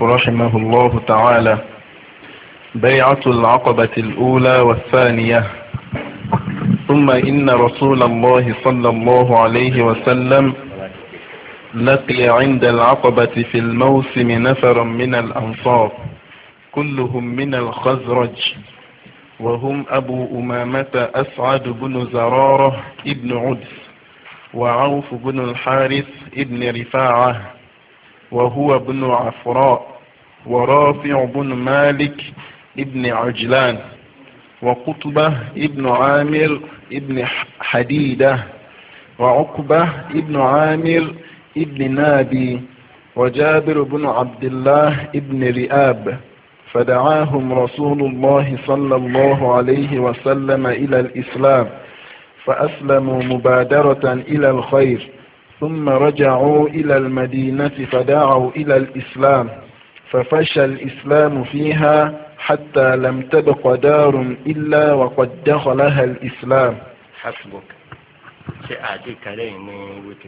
رحمه الله تعالى بيعة العقبة الأولى والثانية ثم إن رسول الله صلى الله عليه وسلم لقي عند العقبة في الموسم نفرا من الأنصار كلهم من الخزرج وهم أبو أمامة أسعد بن زرارة ابن عدس وعوف بن الحارث ابن رفاعة وهو ابن عفراء ورافع بن مالك ابن عجلان وقطبة ابن عامر ابن حديدة وعقبة ابن عامر ابن نابي وجابر بن عبد الله ابن رئاب فدعاهم رسول الله صلى الله عليه وسلم إلى الإسلام فأسلموا مبادرة إلى الخير ثم رجعوا إلى المدينة فدعوا إلى الإسلام ففشى الإسلام فيها حتى لم تبق دار إلا وقد دخلها الإسلام حسبك سأعطي àdékalẹ̀ yìí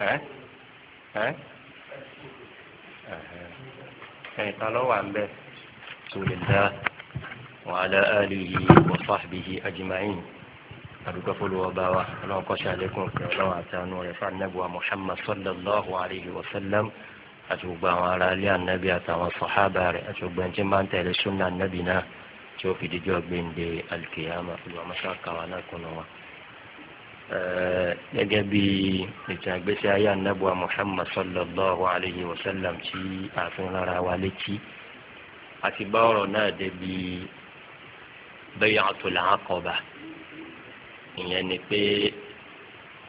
ها؟ ها؟ ها lọ. ẹ̀ka lọ́wọ́ à ń bẹ̀. sọlẹ̀ dá àdúgbò fọlọ́wọ́ bá wa ọlọ́run kọ́ṣẹ́ àlékún kẹ́ ọlọ́run àti àánú rẹ̀ fún anábùwà muhammad sallallahu alayhi wa sallam àti gbogbo àwọn ará ilé ànábì àtàwọn sọ̀hábà rẹ̀ àti gbogbo ẹni tí máa ń tẹ̀lé súnà ànábì náà tí ó fi dijọ́ gbéǹde alkiyama olùwàmọ́sákàwá náà kùnà wa. gẹ́gẹ́ bí ìtàn àgbésí ayé ànábùwà muhammad sallallahu alayhi wa sallam tí àfin rárá wa létí àti bá ọ̀rọ̀ náà débi bay'atul aqaba ìyẹn ni pé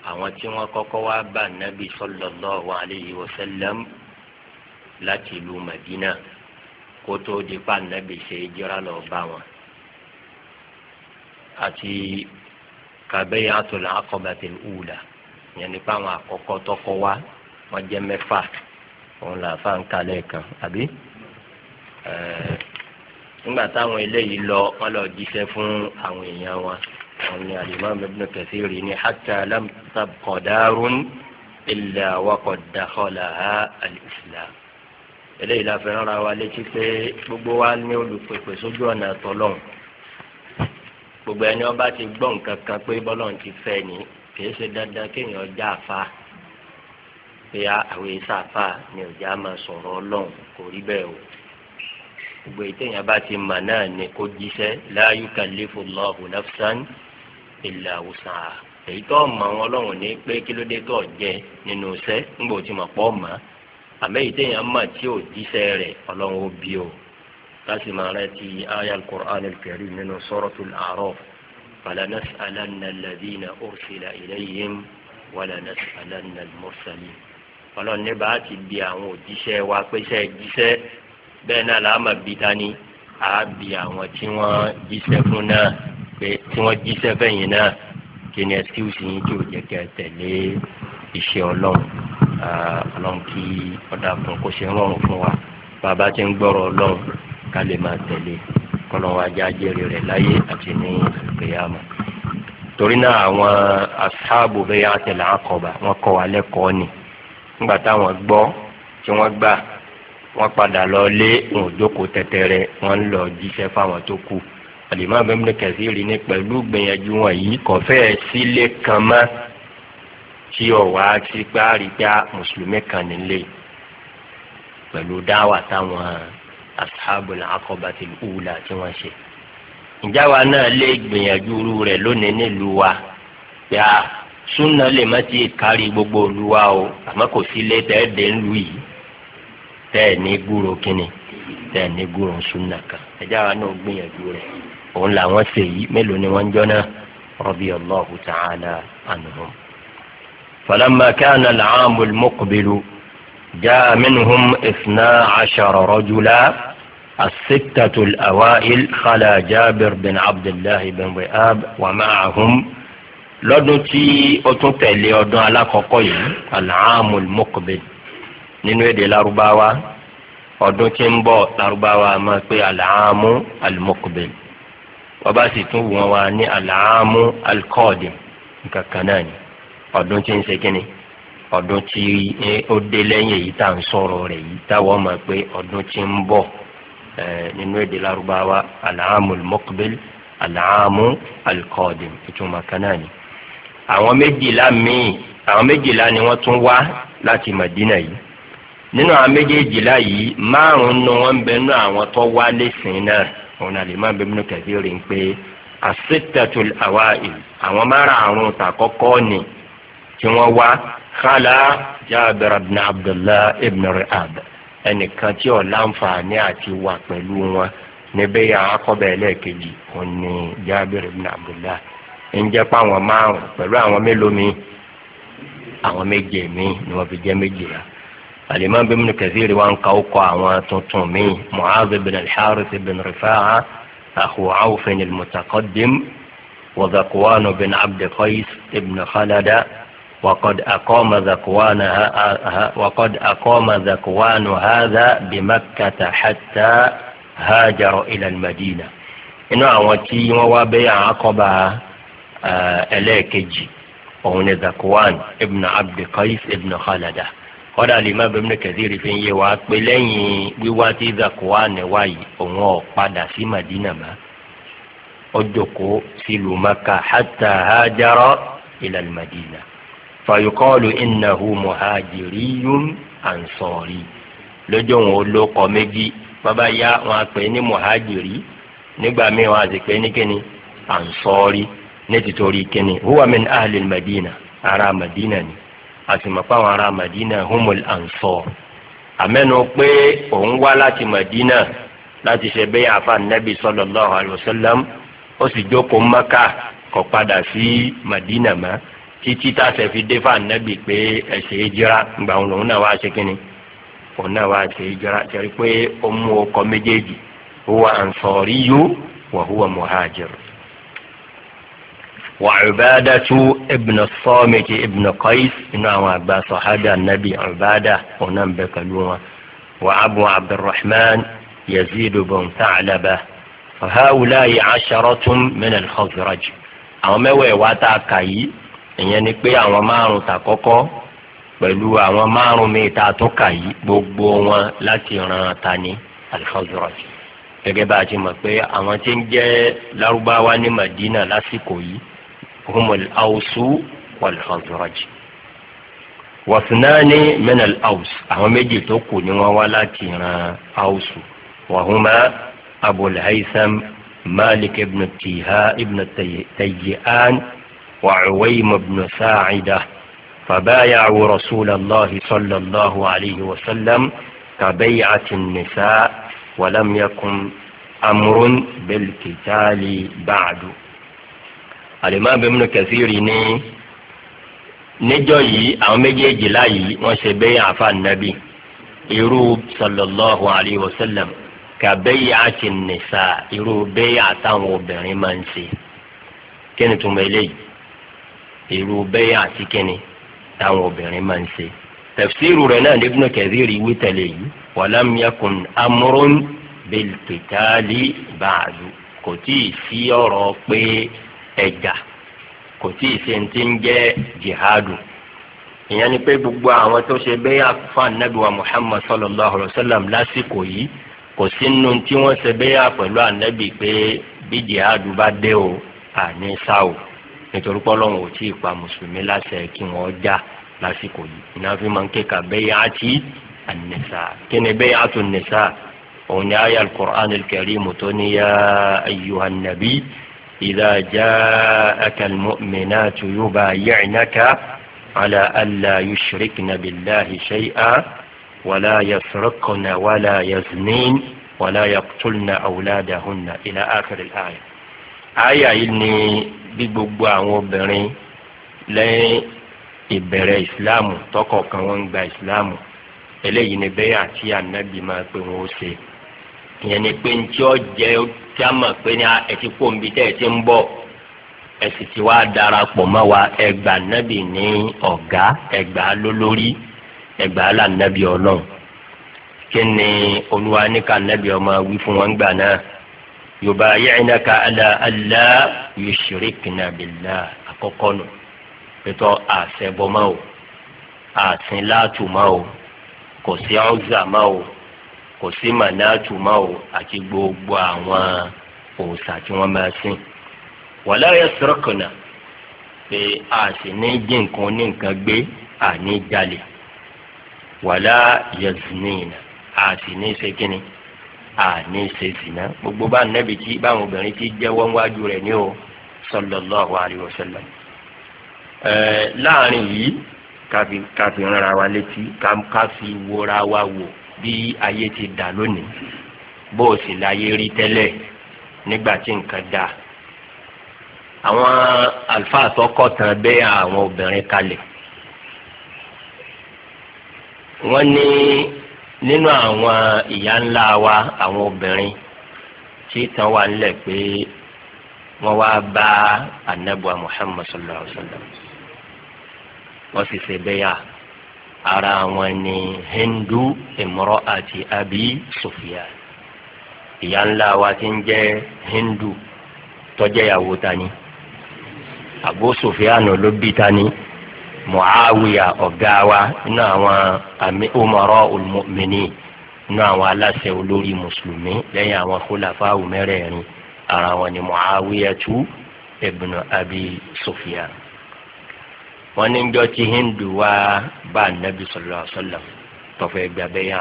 àwọn tí wọ́n kọ́kọ́ wá bá nábì sallallahu alayhi wa sallam láti ìlú Madina kó tó di pa nábì ṣe jíra lọ bá wọn àti kabayatul aqabatil ula ìyẹn ni pé àwọn àkọ́kọ́ tọ́kọ́ wá wọ́n jẹ́ mẹ́fà òun là fà ń kalẹ̀ kan àbí nígbà táwọn eléyìí lọ wọ́n lọ jíṣẹ́ fún àwọn èèyàn wọn ọ̀nà alimam ابن kathir حتى لم تبق دار إلا وقد دخلها الإسلام. al-islam eléyìí la في ra wa في pé gbogbo wa ní olùpèpè sójú ọ̀nà àtọ́lọ́hún gbogbo ẹni ọba ti gbọ́ nǹkan kan pé bọ́lọ́hún ti fẹ́ ni kì í ṣe dandan kéèyàn já àfa pé àwọn èsà àfa ni ọ̀já máa sọ̀rọ̀ ọlọ́hún kò rí bẹ́ẹ̀ o gbogbo ìtẹ̀yìn abá ti mà náà ni kó jíṣẹ́ la yukallifu Allahu nafsan ilà awùsàn à èyí tó mọ àwọn ọlọ́run ní pé kí ló dé tó jẹ nínú iṣẹ́ ńgbò tí mo pọ̀ mọ́ àmọ́ èyí téèyàn mọ̀ tí ò díṣẹ́ rẹ̀ ọlọ́run ó bí o láti máa rẹ ti aya al-Qur'an al-Karim nínú Suratul A'raf falanas'alanna alladhina ursila ilayhim walanas'alanna al ọlọ́run ní bá ti bi àwọn òjíṣẹ́ wa pé iṣẹ́ jíṣẹ́ bẹ́ẹ̀ náà làá máa bi ta ni àá bi àwọn tí wọ́n jíṣẹ́ fún náà pé tí wọ́n jíṣẹ́ fẹ̀yìn náà kí ni excuse yín tí ò jẹ́ kí ẹ tẹ̀lé iṣẹ́ ọlọ́run ọlọ́run kí ọ̀dà kan kó ṣe rọrùn fún wa bàbá ti ń gbọ́rọ̀ ọlọ́run ká lè máa tẹ̀lé kọ́lọ́run ajá jèrè rẹ̀ láyé àti ní àgbéyàmọ́ torí náà àwọn asáàbò bẹ́ẹ̀ àtẹ̀lẹ́ àkọ́bà wọ́n kọ́ wa lẹ́kọ̀ọ́ ni nígbà táwọn gbọ́ tí wọ́n gbà wọ́n padà lọ lé òun òjókòó tẹ́tẹ́rẹ́ wọ́n ń lọ jíṣẹ́ fáwọn tó kù alimami ibn kathir ní pẹ̀lú gbìyànjú wọn yìí kò fẹ́ sílé kan mọ́ tí ọ̀wá ti gbá àrídá mùsùlùmí kan nílé pẹ̀lú dáwà táwọn asáàbùn àkọ́bà ti wúlà tí wọ́n ṣe. ǹjẹ́ wa náà lè gbìyànjú rú rẹ̀ lónìí nílùú wa yá súnà lè má ti kárí gbogbo olúwa o àmọ́ kò sílé tẹ́ẹ̀dẹ̀ ńlùú yìí tẹ́ẹ̀ ní gbúrò kínni tẹ́ẹ̀ ní gbúrò súnà kan ẹ̀jẹ̀ náà gbìyànjú rẹ̀ òun làwọn ṣe yìí mélòó ni wọ́n ń jọ́nà radiyallahu ta'ala anhum. falamma kana al-aam al-muqbil jaa minhum ithna ashara rajula as-sittatu al-awail khala jabir bin abdullahi bin wahab wa ma'ahum lọ́dún tí ó tún tẹ̀lé ọdún alákọ̀ọ́kọ́ yìí al-aam nínú èdè Lárúbáwá ọdún tí ń bọ̀ Lárúbáwá máa pé al-aamu ọba sì tún wọn wá ní àlàámú alikọọdì kankan náà ni ọdún tí ń ṣe kínní ọdún tí ó dé lẹ́yìn èyí tá à ń sọ̀rọ̀ rẹ̀ yìí táwọn mọ̀ pé ọdún tí ń bọ̀ nínú èdè Lárúbáwá àlàámú mọ́kúbẹ́lì àlàámú alikọọdì ìtumọ̀ kan náà ni. àwọn méjìlá míì àwọn méjìlá ni wọ́n tún wá láti Màdínà yìí nínú àwọn méjèèjìlá yìí márùn-ún ni wọ́n ń bẹ nínú àwọn tó wá lẹ́sìn náà òun náà lè má bẹ́ẹ̀ mú kẹ̀kẹ́ rí i pé àṣetẹ̀tù àwa àwọn márààrún tàkọ́kọ́ ni tí wọ́n wá kálá jábẹ̀rẹ̀ ibn abdullah ibn rihab ẹnìkan tí ọ̀la ń fa ní àti wà pẹ̀lú wọn níbẹ̀ yà akọ́bẹ̀ ẹlẹ́ẹ̀kejì òun ni jábẹ̀rẹ̀ ibn abdullah ń jẹ́ pé àwọn márùn pẹ̀lú àwọn mélòó mi àwọn méje mi ni wọ́n fi jẹ́ méje yàrá. الإمام ابن كثير وان قوقع وان تطمي معاذ بن الحارث بن رفاعة أخو عوف المتقدم وذقوان بن عبد قيس بن خلد وقد أقام ذقوان وقد أقام ذقوان هذا بمكة حتى هاجر إلى المدينة إن أوتي ووابي عقب آه، إليك جي ذقوان ابن عبد قيس ابن خلده kọ́dà lèmọ́ bẹ́ẹ̀ kẹ́sìrì fi ń yé wa pé lẹ́yìn wíwá tí zakuwa nẹ̀wá yìí òun ọ̀ padà sí madina ma ọjọ́kọ́ sílùú maka hàtà hajara ila madina fàyọkọ́ọ̀lù ìnáhu muhajiriyun ansori lọ́jọ́ wọn ló kọ́ méjì bàbá ya wọn pè ní muhajiri nígbà míì wọn àti pé ní kíni ansori ní títorí kíni huwa min ahlil madina ará madina ni àtìmọ̀pá àwọn ará madina humul ansor àmẹ́nu pé òun wá láti madina láti ṣe bẹ́ẹ̀ àfa nẹ́bí sallallahu alaihi wasallam ó sì jókòó mẹ́kà kọ́ padà sí madina mọ́ títí tá a ṣe fi dé fún anabi pé ẹ ṣe é jira òun náà wá ṣe kínni òun náà wá ṣe é jira pé ó mú ọkọ méjèèjì huwa ansoriyu wa huwa muhajir wa Ubadatu ibn Samit ibn Qais inú àwọn àgbà sọ̀hádà nàbì Ubada ọ̀nà ń bẹ pẹ̀lú wọn wa Abu Abdurrahman Yazid ibn Tha'laba fa haula'i asharatun min al-Khazraj àwọn mẹ́wẹ̀ẹ̀wá tá a kà yìí ìyẹn ni pé àwọn márùn tàkọ́kọ́ pẹ̀lú àwọn márùn míì tá a tún kà gbogbo wọn láti ran tani al-Khazraj gẹ́gẹ́ bá a ti mọ̀ pé àwọn tí ń jẹ́ lárúbáwá ní Madina lásìkò yìí هم الأوس والخزرج واثنان من الأوس أهم يجي توكو نواوا أوس وهما أبو الهيثم مالك بن التيهاء بن التيئان وعويم بن ساعدة فبايعوا رسول الله صلى الله عليه وسلم كبيعة النساء ولم يكن أمر بالقتال بعد àlèmọ́ abẹ́múnú kẹsìrì ní níjọ́ yìí àwọn méjèèjìlá yìí wọ́n ṣe bẹ́yìn àfa nàbì irú sallallahu alayhi wa sallam kàbẹ́yì àti nìsa irú bẹ́yì àtàwọn obìnrin máa ń ṣe kíni tó mọ eléyìí irú bẹ́yì àti kíni táwọn obìnrin máa ń ṣe tafsiru rẹ̀ náà ní ibùnú wí tẹ̀lé yìí walam yakun amrun bilkitali ba'du kò tí ì sí ọ̀rọ̀ pé ẹ̀jà kò tí ì ṣe ti ń jẹ́ jihadu ìyẹn ni pé gbogbo àwọn tó ṣe bẹ́yà fún anabi wa muhammad sallallahu alayhi wa sallam lásìkò yìí kò sínú tí wọ́n ṣe bẹ́yà pẹ̀lú anabi pé bí jihadu bá dé o àní sá o nítorí pọ́lọ́hún ò tí ì pa mùsùlùmí láṣẹ kí wọ́n já lásìkò yìí iná fi máa ń kéka bẹ́yà àti ànẹ́sà kí ni bẹ́yà àti ànẹ́sà òun ni ayé alukur'an kẹrìmù tó ní ayélujára nàbí. إذا جاءك المؤمنات يبايعنك على ألا يشركن بالله شيئا ولا يسرقن ولا يزنين ولا يقتلن أولادهن إلى آخر الآية آية إني gbogbo àwọn obìnrin lẹ́yìn ìbẹ̀rẹ̀ ìsìláàmù tọkọ̀ kan wọ́n ń gba ìsìláàmù eléyìí ni bẹ́ẹ̀ àti ànábì máa pé wọ́n ó ṣe ìyẹn ni pé ní tí ó jẹ́ kí a mọ̀ pé ní ẹ ti kó nbí tẹ́ ẹ ti ń bọ̀ ẹ sì ti wá darapọ̀ mọ́ wa ẹgbàá nábì ní ọ̀gá ẹgbàá lólórí ẹgbàá là nábì ọlọ́run kí ni olúwa ní ká nábì ọmọ wí fún wọn gbà náà yorùbá yẹ́nà ká ala ala yushrikna billah àkọ́kọ́ nù pẹ̀tọ́ àṣẹ bọ́ mọ́ o àṣìn látùmọ́ o kò sí ọ̀zà mọ́ o kò sí mànáàtù mọ́ o àti gbogbo àwọn òòṣà tí wọ́n máa sìn wàlá yẹ sọ́kànnà pé a sì ní jí nǹkan ní nǹkan gbé àní jalè wàlá yẹ zinina a sì ní ṣe kínni àní ṣe zina gbogbo bá nẹ́bi tí báwọn obìnrin ti jẹ́wọ́ wájú rẹ̀ ní o sallallahu alaihi wasallam láàrin yìí káfi káfi rárá wa létí káfi wóra wa wò bí ayé ti dà lónìí bó o sì láyé rí tẹ́lẹ̀ nígbà tí nǹkan dà àwọn àlùfáà tó kọ́ tán bẹ́ẹ̀ àwọn obìnrin kalẹ̀ wọ́n ní nínú àwọn ìyá ńlá wa àwọn obìnrin tí tán wà ńlẹ̀ pé wọ́n wá bá anabuwa Muhammad sallallahu alaihi wa sallam wọ́n sì ṣe bẹ́ẹ̀ yà ara wọn ni hindu imro àti abi sofia ìyá ńlá wa ti ń jẹ hindu tọjẹyàwó tani àbó sofia nù ló bí tani muawiya ọ̀gá wa inú àwọn àmì umarọ olùmọ̀mìnì inú àwọn aláṣẹ olórí mùsùlùmí lẹ́yìn àwọn khulafa'u mẹ́rẹ̀ẹ̀rin ara wọn ni muawiya tu ibnu abi sofia wọn ní njọ tí hindu wá bá anabi sọlọ sọlọ tọfọ ẹgbẹ abẹyà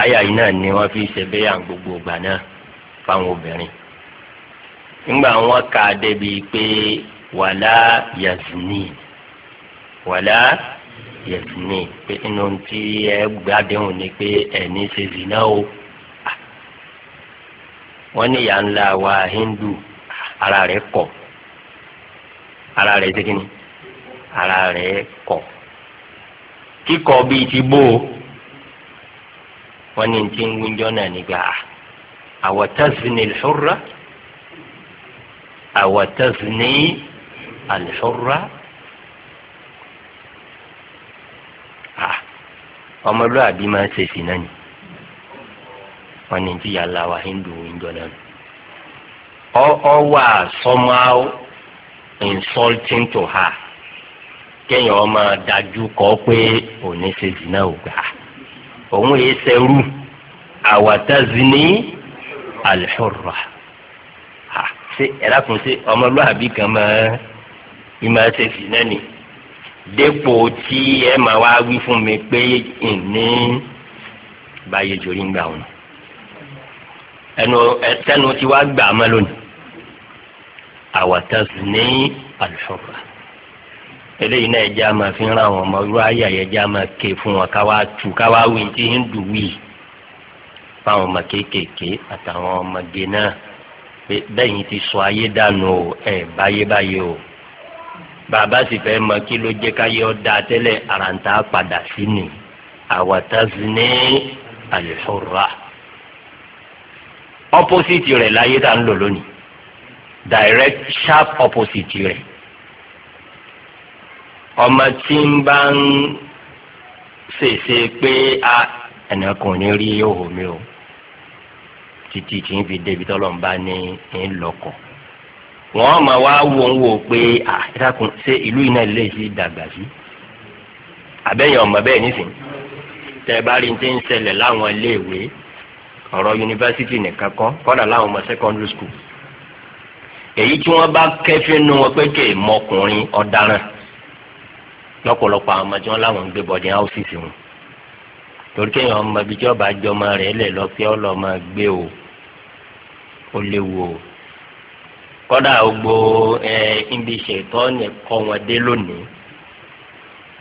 àyà yìí náà ni wọn fi ṣe bẹyà gbogbo ìgbà náà fáwọn obìnrin nígbà wọn kà á débi pé wàlá yasini wàlá yasini pé inú tí ẹ gbàdéhùn ni pé ẹni ṣe zina o wọn ní ìyá ńlá wa hindu ara rẹ kọ ara rẹ̀ ṣe kíni ara rẹ̀ kọ̀ kíkọ bíi ti bó o wọ́n ní ti ń wúnjọ́ náà nígbà ah, àwọ̀tẹ́sìn ìlhúra àwọ̀tẹ́sìn ìlhúra. Ah, ọmọlúwàbí máa ń ṣe sí náà ni wọ́n ní ti yàrá wa hindu ìjọ náà ọ wà sọmọ àwọn insulting to her kéèyàn ọmọ dájú kọ pé òní ṣe zina ò gbà òun yìí ṣerú àwàtazini alḥurra ha ṣe ẹlẹ́kùn ṣe ọmọlúwàbí kan máa ń máa ṣe zina ni dépò tí ẹ máa wá wí fún mi pé ìní báyé jorí ń gbà wọn ẹnu ẹtẹnu tí wàá gbà á mọ́ lónìí àwàtàsíní àlùfọ́fà eléyìí náà ẹja máa fi ń ra àwọn ọmọ irú ayé ẹja máa ké fún wọn káwá tu káwá wí tí ń dùn wí fáwọn ọmọ kéékèèké àtàwọn ọmọge náà bẹ́ẹ̀ yìí ti sọ ayé dànù o ẹ̀ báyébáyé o bàbá sì fẹ́ mọ kí ló jẹ́ káyé ọ̀dà tẹ́lẹ̀ àràǹtà padà sí ni àwàtàsíní àlùfọ́fà ọpọ́sìtì rẹ̀ láyé tá ń lò lónìí direct sharp opposite rẹ̀ ọmọ tí ń bá ń ṣèṣe pé a ẹnìkan ò ní rí òhò mi o títí tí ń fi débi tọ́lọ́run bá ní ń lọ́kọ̀ wọ́n máa wá wò ń wò pé à ìtàkùn ṣé ìlú iná lè sí dàgbà sí àbẹ́yẹn ọmọ bẹ́ẹ̀ nísìn tẹ́ bá rí ti ń ṣẹlẹ̀ láwọn iléèwé ọ̀rọ̀ yunifásitì nìkan kọ́ kọ́dà láwọn ọmọ secondary school èyí tí wọ́n bá kẹ́fín nu wọn pé kè mọkùnrin ọ̀daràn lọ́pọ̀lọpọ̀ àwọn ọmọ tí wọ́n láwọn ń gbé bọ̀dé áwòsìsì wọn torí kéèyàn ọmọ ibi tí ọba àjọ ọmọ rẹ̀ lè lọ pé ọlọ́ ọmọ gbé o ó léwu o kọ́dà gbogbo ẹ ibi ṣètọ́ ni kọ́ wọn dé lónìí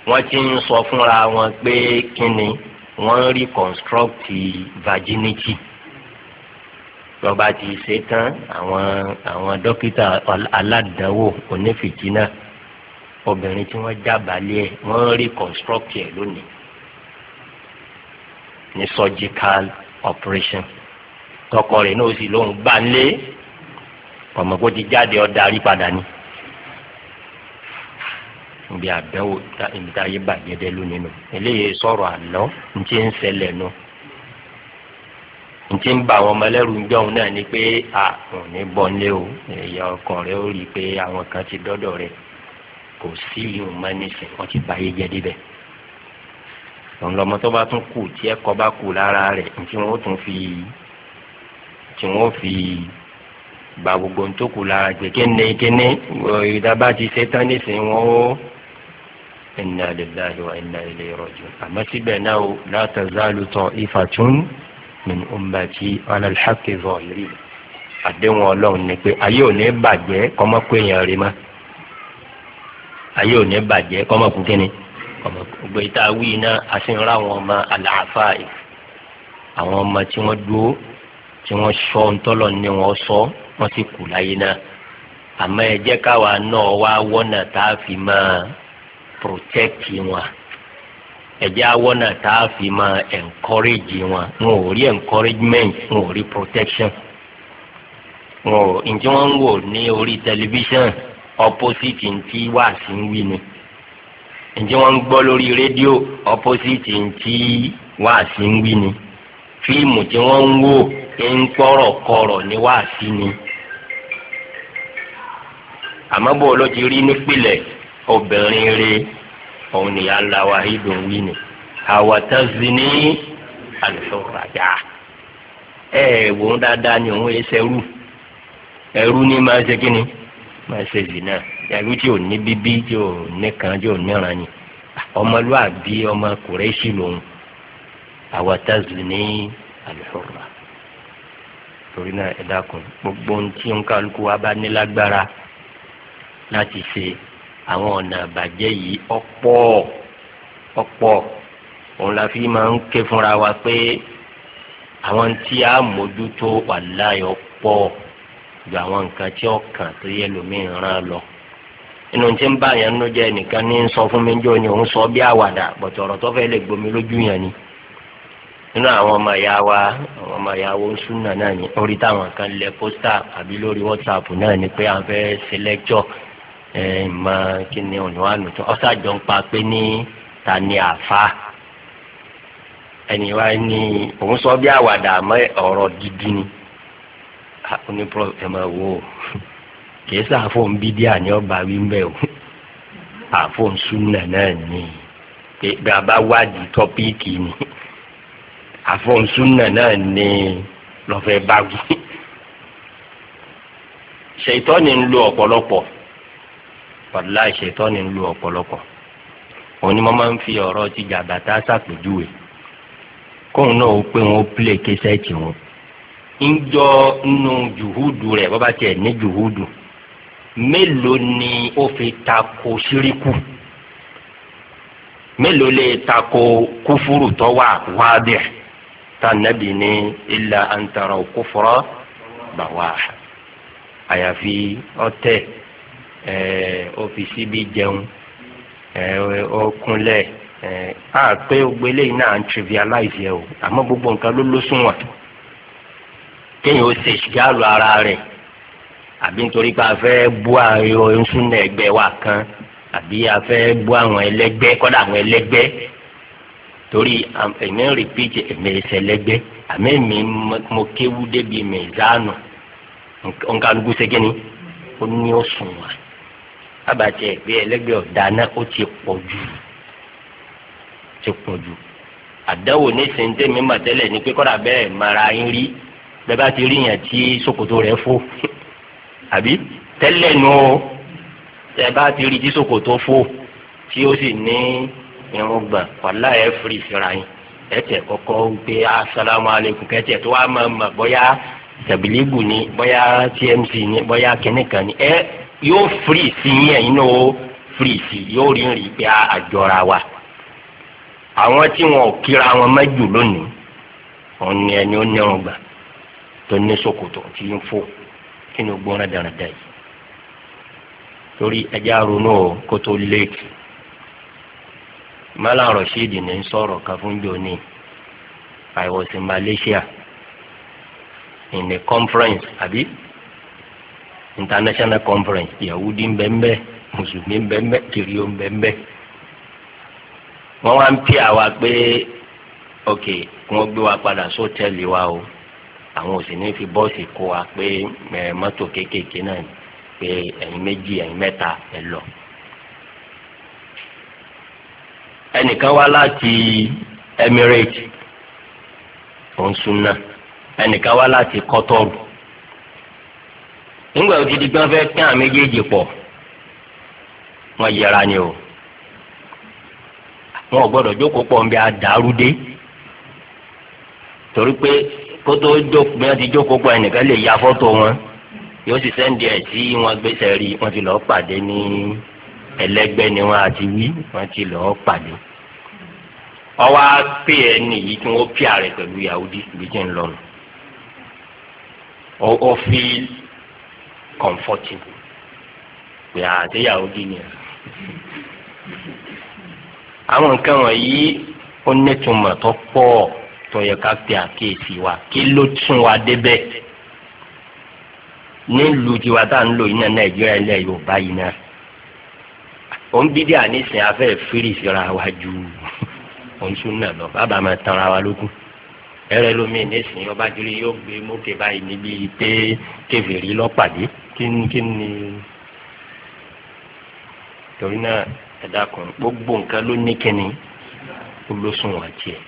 wọ́n ti ń sọ fúnra wọn pé kínni wọ́n ń reconstruct virginity lọ́ba ti ṣe tán àwọn àwọn dókítà aládàáwò onífìtínà obìnrin tí wọ́n jábàálẹ̀ ẹ̀ wọ́n reconstruct ẹ̀ lónìí ní surgical operation tọkọ rẹ̀ náà sì lóun gbà ń lé ọmọ kó ti jáde ọdarí padà ni níbi àbẹ̀wò níbi tá a yé bàjẹ́ dẹ́ lónìí eléyìí sọ̀rọ̀ àlọ́ ní ti ń ṣẹlẹ̀ nù nti ń ba àwọn ọmọlẹ́rù ń jọ̀hún náà ni pé a òun ní bọ́nlé o ẹ̀yà ọkàn rẹ ó rí i pé àwọn kan ti dọ́dọ̀ rẹ kò sí ìhùn mọ́ nísìn wọ́n ti báyé jẹ́ débẹ̀ òun lọmọ tó bá tún kù tí ẹ̀kọ́ bá kù lára rẹ̀ tí wọ́n tún fi tí wọ́n fi gba gbogbo tó kù lára gbé kéne kéne ìdábà ti ṣe tán nísìn wọ́n ó inna lillahi wa inna ilayhi raji'un àmọ́ síbẹ̀ náà la tazalu ta'ifatun min ummati ala alhaqi zahiri àdéhùn ọlọ́run ni pé ayé ò ní bàjẹ́ kọ́mọ́ kó èèyàn rí mọ́ ayé ò ní bàjẹ́ kọ́mọ́ kú kínni gbogbo ìta wí náà a sì ń ra àwọn ọmọ àlàáfà yìí àwọn ọmọ tí wọ́n dúró tí wọ́n sọ ńtọ́lọ̀ ni wọ́n sọ wọ́n sì kù láyé náà àmọ́ ẹ jẹ́ káwa náà wá wọ́nà tá a fi máa protect wọn ẹ̀jẹ̀ awọ́ náà tá a fi máa encourage wọn wọn ò rí encouragement wọn ò rí protection wọn ò ǹjẹ́ wọ́n ń wò ní orí tẹlifíṣàn opposite ntí wà sí ń wí ni ǹjẹ́ wọn ń gbọ́ lórí rédíò opposite ntí wà sí ń wí ni fíìmù tí wọn ń wò ń kọ̀rọ̀kọ̀rọ̀ ni wà sí ni àmọ́ bó ló ti rí nípìnlẹ̀ obìnrin rèé òun nìyá ńlá ìdùn wí ni àwàtà zini àlùfọ́rajà ẹ wò ó dáadáa ni òun ẹsẹ̀ rú ẹrú ni máa ṣe kí ni máa ṣe zina ẹrú tí ò ní bíbí tí ò ní kan tí ò ní ràn ni ọmọlúwàbí ọmọ kùrẹ́sì lòun àwàtà zini àlùfọ́ra torí náà ẹ dákun gbogbo ohun tí ń kálukú wa bá ní lágbára láti ṣe àwọn ọ̀nà àbàjẹ́ yìí ọ̀pọ̀ ọ̀pọ̀ òun la fi máa ń ké fúnra wa pé àwọn tí a mójútó wà láyọ̀ pọ̀ ju àwọn nǹkan tí ọkàn tó yẹ lómìn rán lọ inú tí ń bá yẹn nínú jẹ́ nìkan ní sọ fún mi jọ ni òun sọ bí àwàdà bọ̀tọ̀ ọ̀rọ̀ tó fẹ́ lè gbomi lójú yẹn ni nínú àwọn ọmọ ìyá wa àwọn ọmọ ìyá wo ń súnà náà ni orí táwọn kan lẹ pósítà àbí lórí wọ́tsàpù náà ni pé à ń fẹ́ ṣe lẹ́kṣọ̀ ìmọ̀ kíni òníwánu tó ọ́sàjọ ń pa pé ní ta ni àfa ẹni wa ni òun sọ bí àwàdà àmọ́ ọ̀rọ̀ gidi ni oní pọ̀ ẹ̀ máa wò ó kì í sáà fóun bídíà ni ọba wí ń bẹ̀ o àfóun súnà náà ni bí a wádìí tọ́píìkì ni àfóun súnà náà ni lọ́fẹ̀ẹ́ bá ṣètọ́ ni ń lo ọ̀pọ̀lọpọ̀ wàláì ṣètọ́ ni ń lu ọ̀pọ̀lọpọ̀ òun ni wọ́n máa ń fi ọ̀rọ̀ ti jàbàtà ṣàpèjúwe kóun náà ó pé wọn ó plé késẹ́ẹ̀tì wọn ń jọ nù jùhúdù rẹ̀ bọ́bá tiẹ̀ ní jùhúdù mélòó ni ó fi tako síríkù mélòó lè tako kúfúrú tó wà wádìí tànàbì ní ilà àǹtàrà kúfúrọ́ bàwá àyàfi ọ̀tẹ̀. fi síbi jẹun ọkùnlẹ̀ a pé ogbe náà ń trivialize yẹ o àmọ́ gbogbo nǹkan ló ló kéèyàn ó ara rẹ̀ àbí nítorí pé a fẹ́ bú ayọ̀ ìṣúná ẹgbẹ́ wa kan àbí a fẹ́ bú àwọn ẹlẹ́gbẹ́ kọ́dà àwọn torí ẹ̀mí rìpíìtì ẹ̀mí àmì mo kéwú débi mẹ̀zánù nǹkan ló gbé abàtì ẹgbẹ́ ẹlẹ́gbẹ́ ọ̀dáná ó ti pọ̀ jù ti pọ̀ jù àdáwò nísìnyí tẹ̀mí màtẹ́lẹ̀ ni pé kọ́dà bẹ́ẹ̀ mara yín rí bẹ́ẹ̀ bá ti rí yàn tí ṣòkòtò rẹ̀ fò àbí tẹ́lẹ̀ nù ó tẹ́ bá ti rí tí ṣòkòtò fò tí ó sì ní irun gbà wàhálà ẹ̀ fìrì fìrà yín ẹ̀tẹ̀ kọ́kọ́ gbé asalamu aleykum kẹ́tẹ̀ tó wàá mọ̀ mọ̀ bóyá ni bóyá tmc ni bóyá kìnìkan ni ẹ̀ yóò firi sí yín ẹ̀yin náà ó firi sí yóò rí rí pé àjọra wa àwọn tí wọn ò kíra wọn mẹ́jù lónìí òun ni ẹni ó nírun gbà tó ní ṣòkòtò tí ń fò kí ni gbọ́n rẹ̀ dáradára yìí torí ẹja ronú o kó tó léèkì mala rasheed ní sọ̀rọ̀ kan fún joni I was in Malaysia in a conference àbí international conference yahudi ńbẹ́ńbẹ́ mùsùlùmí ńbẹ́ńbẹ́ kìrìó ńbẹ́ńbẹ́ wọ́n wá ń pè àwa pé ok wọ́n gbé wa padà sọ́tẹ́ẹ̀lì wa o àwọn òsì ní fi bọ́ọ̀sì kó wa pé mọ́tò kéékèèké náà ni pé ẹ̀yin méjì ẹ̀yin mẹ́ta ẹ lọ. ẹnìkan wá láti Emirates òun sunna ẹnìkan wá láti kọ́tọ́rù nígbà tó ti di gbọ́n fẹ́ kí àwọn méjèèjì pọ̀ wọ́n yẹra ni o wọn ò gbọ́dọ̀ jókòó pọ̀ nbẹ àdàrúdé torí pé kó tó jókòó bí wọ́n ti jókòó pọ̀ ẹnìkan lè ya fọ́tò wọn yóò sì sẹ́ndì ẹ̀ tí wọ́n gbèsè rí wọ́n ti lọ́ọ́ pàdé ní ẹlẹ́gbẹ́ ni wọ́n àti wí wọ́n ti lọ́ọ́ pàdé ọwọ́ á pè ẹ́ nìyí tí wọ́n pè ààrẹ pẹ̀lú Yahudi bí jẹ́ ńlọrọ̀ ọ fi comfortable pé àtẹ̀yàwó bí ni àwọn nǹkan wọ̀nyí ó nítumọ̀ tó pọ̀ tó yẹ ká pe àkíyèsí wa kí ló tún wa débẹ̀ nílùú tiwa tá à ń lò yìí náà nàìjíríà ilẹ̀ yorùbá yìí náà òun bídí àníṣe afẹ́ fírì síra wa ju òun sún náà lọ bàbá máa tanra wa lókun ẹrẹ lómi nísìnyí ọba jùlọ yóò gbé mókè báyìí níbi pé kẹfìrí lọ́pàdé kínkínni torí náà ẹ̀dá kan gbogbo nǹkan ló ní kíni olóṣùwọ̀n tiẹ̀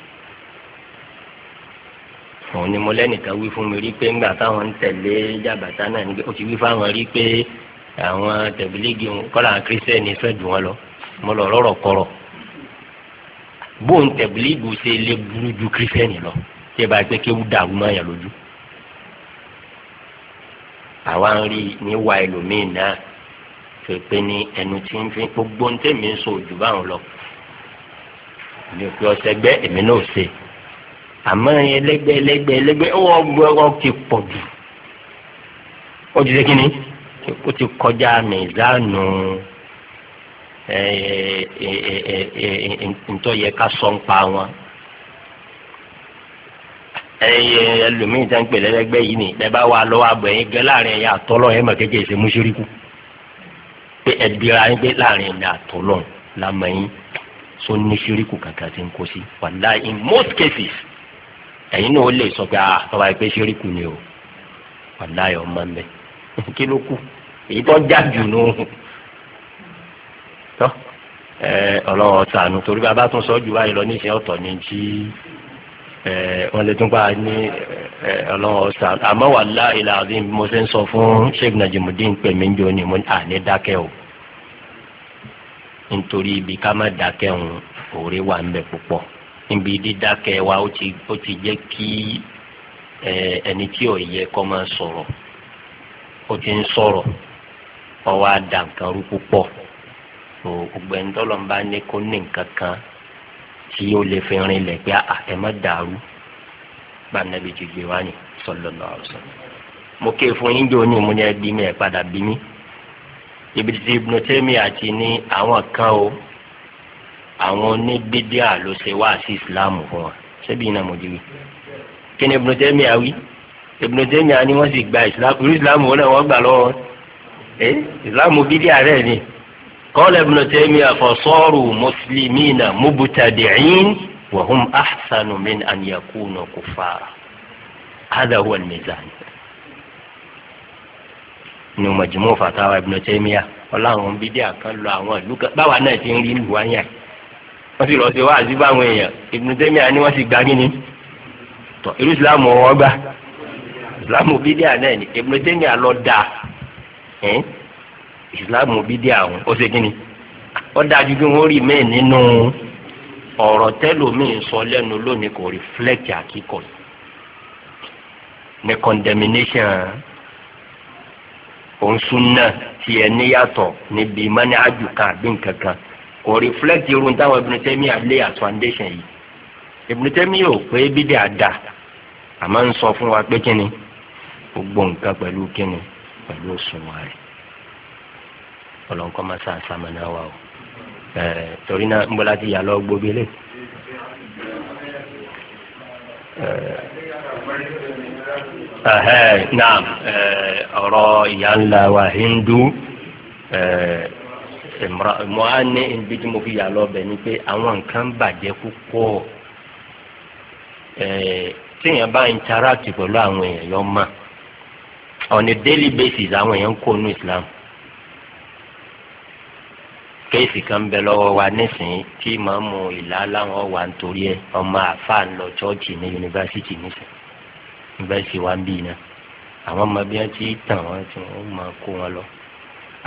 òun ni mo lẹ́nìkan wí fún mi rí pé ńgbà táwọn ń tẹ̀lé jàbàtà náà níbi ó ti wí fáwọn rí pé àwọn tẹ̀bílẹ́gì kọ́lá kírísítẹ́nì sọ́jú wọn lọ mo lọ rọ̀rọ̀ kọ̀rọ̀ bóun tẹ̀bílẹ́gì ṣe lé burú ju kírísítẹ́nì lọ tí ẹ bá gbé kéwú dàrú mọ́ lójú àwa ń rí níwà ẹlòmíín náà tó pé ní ẹnu tí ń fi gbogbo ní tèmi ń sọ òjò báwọn lọ ní òpin ọ̀sẹ̀ gbẹ́ èmi náà ṣe àmọ́ ẹlẹ́gbẹ́ ẹlẹ́gbẹ́ ẹlẹ́gbẹ́ ọwọ́ gbọ́rọ̀ ti pọ̀ jù ó ti ṣe kí ni ó ti kọjá mẹ́zánù ntọ́ yẹ ká sọ ń pa wọn ẹyẹ ẹlòmíín tẹ́ ń pè lẹ́lẹ́gbẹ́ yìí ni ẹ bá wà lọ́wọ́ àbọ̀ ẹ̀yìn gẹ́ láàrin ẹ̀yà àtọ́lọ́ ẹ̀ mọ̀ kékeré ṣe mùṣírikù pé ẹ̀dìrà yín pé láàrin ẹ̀yà àtọ́lọ́ làmọ̀ yín sọ ní ṣíríkù kankan ti ń kó sí wàlá in most cases ẹ̀yin náà ó lè sọ pé ah tọ́ba yìí pé ṣíríkù ni o wàlá yọ ọmọ mẹ kí ló kù èyí tó já jù nù tọ́ ọlọ́wọ́ sànù torí bàbá tún sọ jù báyìí lọ níṣẹ́ ọ̀tọ̀ ni tí. Eh, wọ́n lè tún bá a ní eh, ọlọ́run ọ̀sán àmọ́ wà láì láàbí mo ṣe ń sọ fún sheikh najimudin pè mí jọ ni mo àní dákẹ́ o nítorí ibi ká má dákẹ́ òun òòrè wà ń bẹ púpọ̀ níbi dídákẹ́ wa ó ti ó ti jẹ́ kí eh, ẹni tí ò yẹ kó máa sọ̀rọ̀ ó ti ń sọ̀rọ̀ ọwọ́ àdàǹkanrú púpọ̀ ògbẹ́ńtọ́lọ́mbá ní kó ní nǹkan kan tí yóò lè fi rin lẹ̀ pé àtẹ̀mọ́ ah, dàrú bá nàbí ti gbé wá ní sallallahu alaihi mo ké fún yín jò ní mo ẹbí mi ẹ̀ padà bí mi ibi tí Ibn Taymiyyah ti ní àwọn kan o àwọn oníbídíà ló ṣe wá sí ìsìláàmù fún wa ṣébi iná mo di wí kí ni Ibn Taymiyyah wí Ibn Taymiyyah ni wọ́n sì gba ìsìláàmù irú ìsìláàmù wọn náà wọ́n gbà lọ́wọ́ ẹ ìsìláàmù eh, bídíà rẹ̀ ni. قال ابن تيمية فصاروا مسلمين مبتدعين وهم أحسن من أن يكونوا كفارا هذا هو الميزان nu mọ̀jùmọ́ fatawa Ibn Taymiyyah ọláwọn bídíà kan lọ àwọn ìlú kan báwa náà ti ń rí ìlú wáyà wọ́n sì lọ sí wáàzí báwọn èèyàn Ibn Taymiyyah ni wọ́n sì gbá gíní tọ́ irú ìsìláàmù ọ̀wọ́ gbá ìsìláàmù bídíà náà ni Ibn Taymiyyah lọ dáa ìsìláàmù bídí àwọn ó ṣe kíni ó dájú bí wọ́n rí mẹ́ẹ̀ nínú ọ̀rọ̀ tẹ́lòmíín sọ lẹ́nu lónìí kò reflect àkíkọ̀ ní condemnation òun súnà tí ẹ níyàtọ̀ níbi mọ́ni àjùká àbí nǹkan kò reflect irun táwọn Ibn Taymiyyah àlẹ́ àti foundation yìí Ibn Taymiyyah ò pé bídí àdá àmọ́ ń sọ fún wa pé kíni gbogbo nǹkan pẹ̀lú kíni pẹ̀lú òṣùwọ̀n ọlọ́nkọ́ máa sàn sàmánà wa o torí náà ń bọ́ láti yà lọ gbóbi lé. naam ọ̀rọ̀ ìyá ńlá wa hindu mo á ní ibi tí mo fi yà lọ bẹ̀ ni pé àwọn nǹkan bàjẹ́ púpọ̀ téèyàn bá interact pẹ̀lú àwọn èèyàn yọ mọ́ on a daily basis àwọn èèyàn ń kó nu islam. kéèsì kan bẹ lọ́wọ́ wa nísìnyí tí màmú ìlà láwọn wà nítorí ẹ ọmọ àfa ń lọ chọ́ọ̀chì ní yunifásitì nísìnyí yunifásitì wa ń bì náà àwọn ọmọ bí wọn ti tàn wọn tí wọn máa kó wọn lọ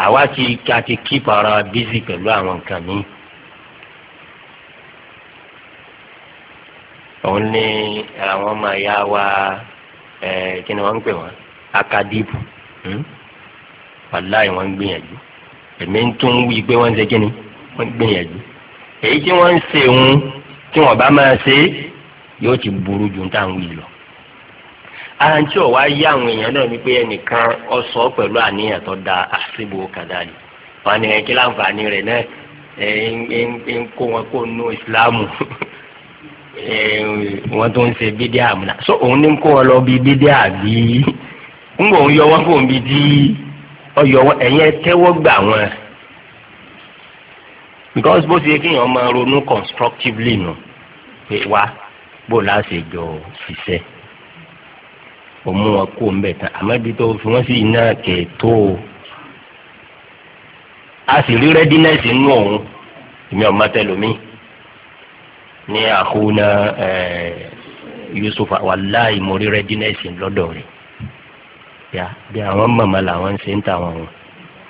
àwa ti a ti kíp ara wa bísí pẹ̀lú àwọn nǹkan míì. òun ní àwọn ọmọ ìyá wa kí ni wọ́n ń pè wọ́n akadíìpù hmm? wàláì wọ́n ń gbìyànjú èmi ń tún wí pé wọ́n ń ṣe kí ni wọ́n ń gbìyànjú èyí tí wọ́n ń ṣe òun tí wọ́n bá máa ṣe yóò ti burú ju ń táwọn wí lọ. àǹtí ọ̀wá yí àwọn èèyàn náà wípé ẹnìkan ọ̀sọ́ pẹ̀lú àníyàn tó da àṣìbò kàdáàlì wọn ni kí láǹfààní rẹ̀ náà ń kó wọn kó nú ìsìláàmù wọn tó ń ṣe bídíà àmúlà so òun ní kó wọn lọ bí bídíà bí ń bò ń yọ wọn kó ń bí díì ọyọ wọn ẹ̀yẹ tẹ́wọ́ gbà wọn because bó ti yẹ kéèyàn máa ronú constructively nù pé wá bó láṣẹ jọ ṣiṣẹ́ o mú wọn kó ń bẹ̀ tán àmọ́ ibi tó fi wọ́n sí iná kẹ̀ tó o a sì rí readiness nínú òun èmi ọ̀ máa tẹlómi ní àkóónà Yusuf wàláì mo rí readiness lọ́dọ̀ rẹ̀ yà bí àwọn màmá làwọn ń ṣe ń tàwọn wọn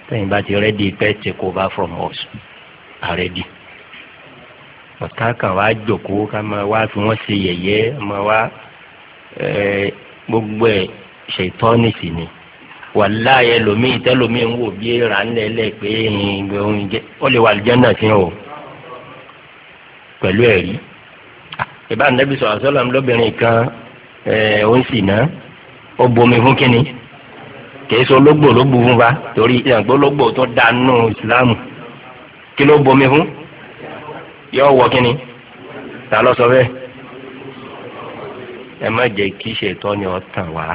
tẹ̀yìn bá ti rẹ́dí pẹ́ take over from us àrẹ́dí ọ̀tá kan wá jókòó ká máa wá fi wọ́n ṣe yẹ̀yẹ́ máa wá eh, gbogbo ẹ̀ ṣètọ́nì sí ni wàláyé lomi ìtẹ́lomi ń wò bí ra ńlẹ̀ lẹ̀ pé ohun jẹ́ ó lè wà lìjẹ́ náà sí o pẹ̀lú ẹ̀rí ìbá nàbí sọ̀rọ̀ sọ́lá lóbìnrin kan eh, ó ń sì ná ó bomi fún kínní kìí sọ ológbò ló bu fún ba torí ìyàgbọ́ ológbò tó dànù ìsìlámù kí ló bomi fún yọ wọ kíni ta lọ sọ bẹ́ẹ̀ ẹ má jẹ́ kí ṣètọ́ ni ọ tàn wá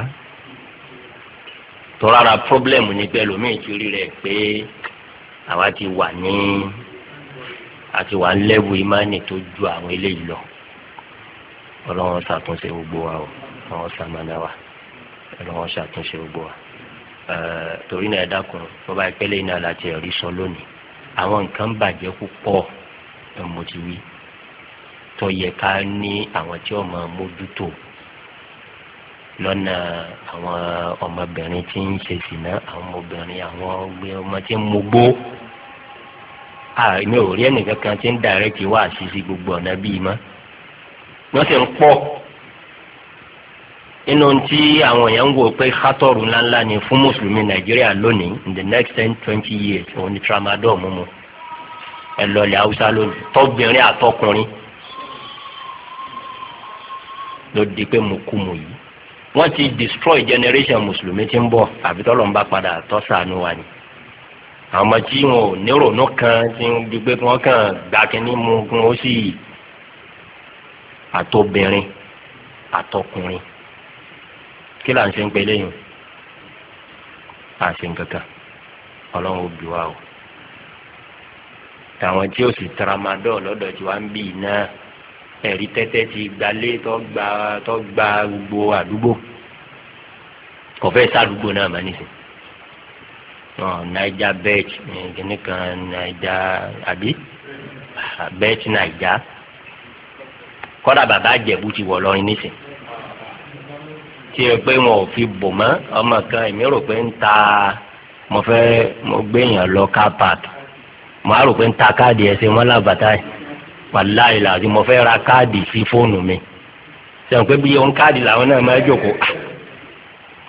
tọ́ra ara pọ́blẹ́mù ni pé ẹlòmíì ti rí rẹ̀ pé àwa ti wà ní àti wà ń lẹ́wù ìmánì tó ju àwọn eléyìí lọ ọlọ́wọ́n ṣàtúnṣe gbogbo wa o ọlọ́wọ́n ṣàmánà wa ọlọ́wọ́n ṣàtúnṣe gbogbo wa torí náà ẹ dákun bó bá ìpẹ́lẹ̀ iná láti ẹ̀rí sọ lónìí àwọn nǹkan bàjẹ́ púpọ̀ mo ti wí tó yẹ ká ní àwọn tí ọmọ mójútó lọ́nà àwọn ọmọbìnrin tí ń ṣe sìná àwọn ọmọbìnrin àwọn ọgbẹ́ ọmọ tí ń mogbó àìmọ̀ òrí ẹnìkan kan tí ń dàrẹ́tì wá àṣìṣe gbogbo ọ̀nà bíi mọ́ wọ́n sì ń pọ̀ inú tí àwọn èèyàn ń wò pé kátọ́rù ńláńlá ni fún mùsùlùmí nàìjíríà lónìí in the next ten twenty years òun ni tramadol mú mu ẹ lọlẹ̀ haúsá lónìí tọ́bìnrin àtọkùnrin ló di pé mo kú mo yìí wọ́n ti destroy generation mùsùlùmí tí ń bọ̀ àbí tọ́lọ̀ ń bá padà tọ́sàánú wa ni àwọn ọmọ tí wọn ò níròónú kan ti ń di pé wọ́n kàn gbà kínní mu kún ó sì àtobìnrin àtọkùnrin kí là ń ṣe ń pe lẹ́yìn àṣe nǹkankan ọlọ́run ó bí wa o tàwọn tí ó sì tramadol lọ́dọ̀ tí wàá ń bì náà ẹ̀rí tẹ́tẹ́ ti gbalé tó gba gbogbo àdúgbò kò sàdúgbò náà mà nísìn naija bet kìnnì kan naija àbí bet naija kọ́dà bàbá àjẹ̀bù ti wọ̀ lọ́rin nísìn tí ẹ pé wọn ò fi bò mọ́ ọmọ kan èmi rò pé ń ta mo fẹ́ mo gbéyàn lọ car park mo á rò pé ń ta káàdì ẹsẹ̀ wọn lábàtà yìí wàláì làdí mo fẹ́ ra káàdì sí fóònù mi sẹ́wọ̀n pé bí ohun káàdì làwọn náà máa jòkó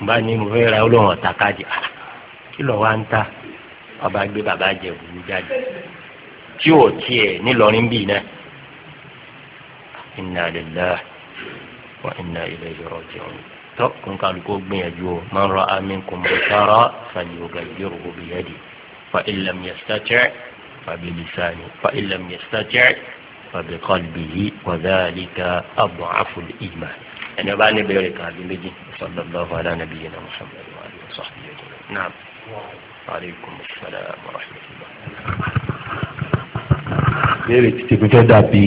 bá ní mo fẹ́ ra olóhùn ọ̀tá káàdì kí lọ wá ń ta ọba gbé bàbá jẹ òwú jáde tí ò tiẹ̀ nílọrin bíi náà inna lillahi wa inna ilayhi raji'un. tó kónkálukó gbìyànjú o man ra'a minkum munkaran falyughayyirhu biyadihi fa in lam yastati' فبلسانه فإن لم يستطع فبقلبه وذلك أضعف الإيمان يعني أنا بيرك هذه بيجي صلى الله على نبينا محمد وآله وصحبه أجمعين نعم وعليكم السلام ورحمة الله ìbéèrè títí pé tó dàbí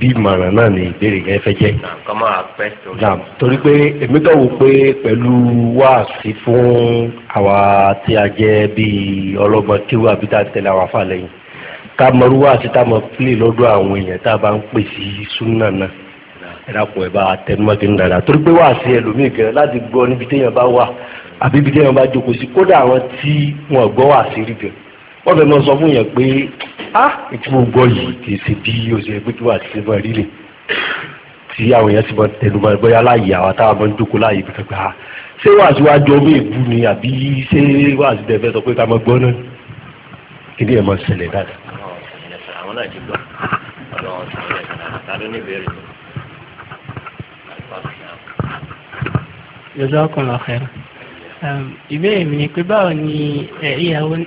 bí ìmọ̀ràn náà ni ìbéèrè yẹn fẹ́ jẹ́. kàn máa pẹ́ torí. torí pé èmi kàn wò pé pẹ̀lú wáàsí fún àwa tí a jẹ́ bíi ọlọ́gbọ́n tí wọ́n àbí tá a tẹ̀lé àwọn afá lẹ́yìn ká mọ̀rú wáàsí tá a mọ̀ pílè lọ́dọ̀ àwọn èèyàn tá a bá ń pè sí súnà náà ẹ̀dàpọ̀ ẹ̀ bá tẹnumọ́kì ń dàda torí pé wáàsí ẹlòmíì gẹ̀rẹ́ láti gbọ́ níbi téèyàn bá wà àbí ibi téèyàn bá jókòó sí kódà àwọn tí wọn gbọ́ wáàsí rí gẹ̀rẹ́ wọ́n fẹ́ mọ sọ fún yẹn pé ah ètò gbọ́ yìí kì í ṣe bí oṣù ẹgbẹ́ tó wà sí ẹgbẹ́ rí lè tí àwọn èèyàn ti mọ tẹnu mọ́ bóyá láàyè àwọn táwọn máa ń jókòó láàyè bí kankan ha ṣé wàá sí wàá jọ ọmọ èbú ni àbí ṣé wàá sí dẹ̀ fẹ́ sọ pé ká mọ gbọ́ náà kí ni ẹ̀ mọ ṣẹlẹ̀ dáadáa. àwọn náà ti gbọ́ ọlọ́run ṣàlẹ̀ ta ló ìbéèrè mi ni pé báwo ni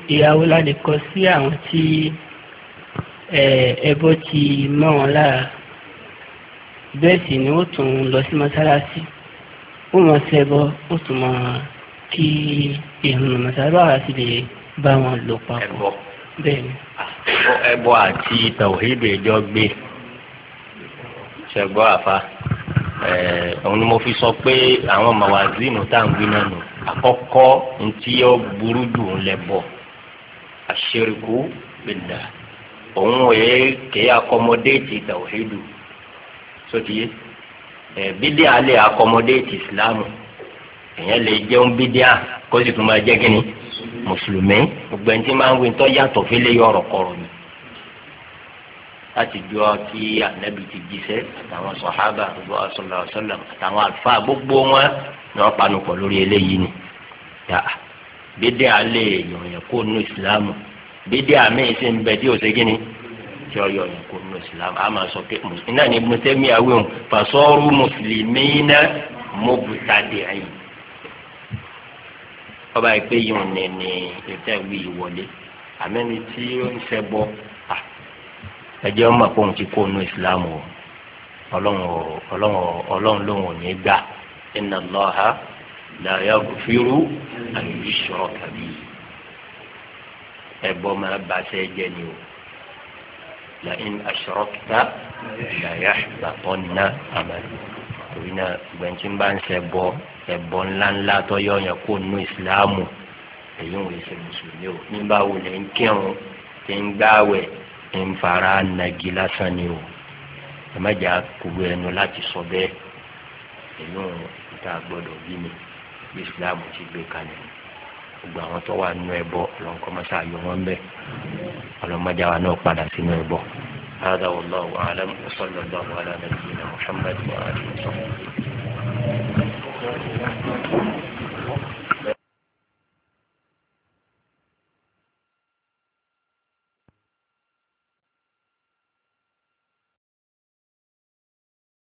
ìyàwó láti kọ sí àwọn tí ẹbọ ti mọ́ wọn lára bẹ́ẹ̀ sì ni ó tún lọ sí mọ́sálásí ó mọ̀ ṣẹbọ ó tún mọ̀ kí ìrùn mọ́sálásí báwa sì lè bá wọn lò papọ̀ bẹ́ẹ̀ ni. Ah, ẹbọ àti tàwíìdì ìjọ gbé ṣẹgbọ́n àfa òun ni mo fi sọ pé àwọn màwàzínù tá à ń gbé náà nù àkọ́kọ́ ntí yọ burú jù ń lẹ bọ̀ àṣerìkú bìlà òun ò yẹ kéye akọmọdéètì tàwíìdù sótìyé ẹ bídíà lè akọmọdéètì ìsìlámù èèyàn lè jẹun bídíà kó sì tún máa jẹ kínní mùsùlùmí gbogbo ẹni tí máa ń wí tó yàtọ̀ fílẹ̀ yọ ọ̀rọ̀ kọ̀rọ̀ ni láti jọ kí ànábì ti jíṣẹ́ àtàwọn sọ̀hábà àtàwọn sọ̀làwọ̀sọ̀là àtàwọn àlùfáà gbogbo wọn ni wọ́n panu pọ̀ lórí eléyìí ni yàrá bídé alẹ́ yọ̀yàn kó nu ìsìlámù bídé àmì ìsìn bẹ̀ tí ò ṣe kí ni tí ó yọ̀yàn kó nu ìsìlámù a máa sọ pé iná ni mùsùlùmí àwìn fàṣọrù mùsùlùmí náà mọ́bùtàdé ayé ọba yìí pé yìí ní ní ètò ìwé ìwọlé àmẹ́ni tí ó ń ṣe bọ́ ẹjẹ́ ọmọ àpòhùn ti kó nu ìsìlámù ọlọ́run ọlọ́run ọlọ́run lòun ò gbà inna الله لا يغفر an yushraka bihi ẹbọ máa bàṣẹ jẹ ni o la in ashrakta la yahbatanna amalu torí náà gbẹ̀ntì bá ń ṣe bọ ẹbọ ńláńlá tó yọ ọyàn kó nù ìsìláàmù èyí ń wòye ṣe mùsùlùmí o nígbà wo lè ń kírun tí ń gbáwẹ̀ ń fara nàgí lásán ni o ẹ má jà kúrú ẹnu láti sọ bẹ́ẹ̀ inú ìta gbọ́dọ̀ bí ni bí islam ti gbé kalẹ̀ gbogbo àwọn tó wà nínú ẹbọ ọlọ́nkọ́ máa ṣàyọ wọn bẹ́ẹ̀ ọlọ́mọdé àwa náà padà sínú ẹbọ. هذا والله أعلم وصلى الله على نبينا محمد وآله وصحبه